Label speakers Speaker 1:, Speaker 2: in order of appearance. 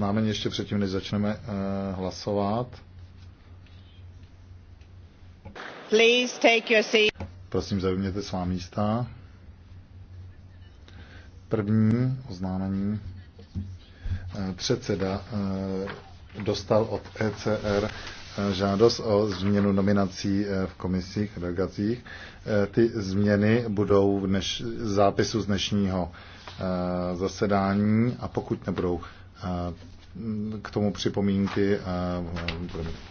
Speaker 1: Známe ještě předtím, než začneme uh, hlasovat.
Speaker 2: Please take your seat.
Speaker 1: Prosím, zaujměte svá místa. První oznámení. Eh, předseda eh, dostal od ECR žádost o změnu nominací v komisích, delegacích. Ty změny budou v dneš, zápisu z dnešního Eh, zasedání a pokud nebudou eh, k tomu připomínky, eh, budeme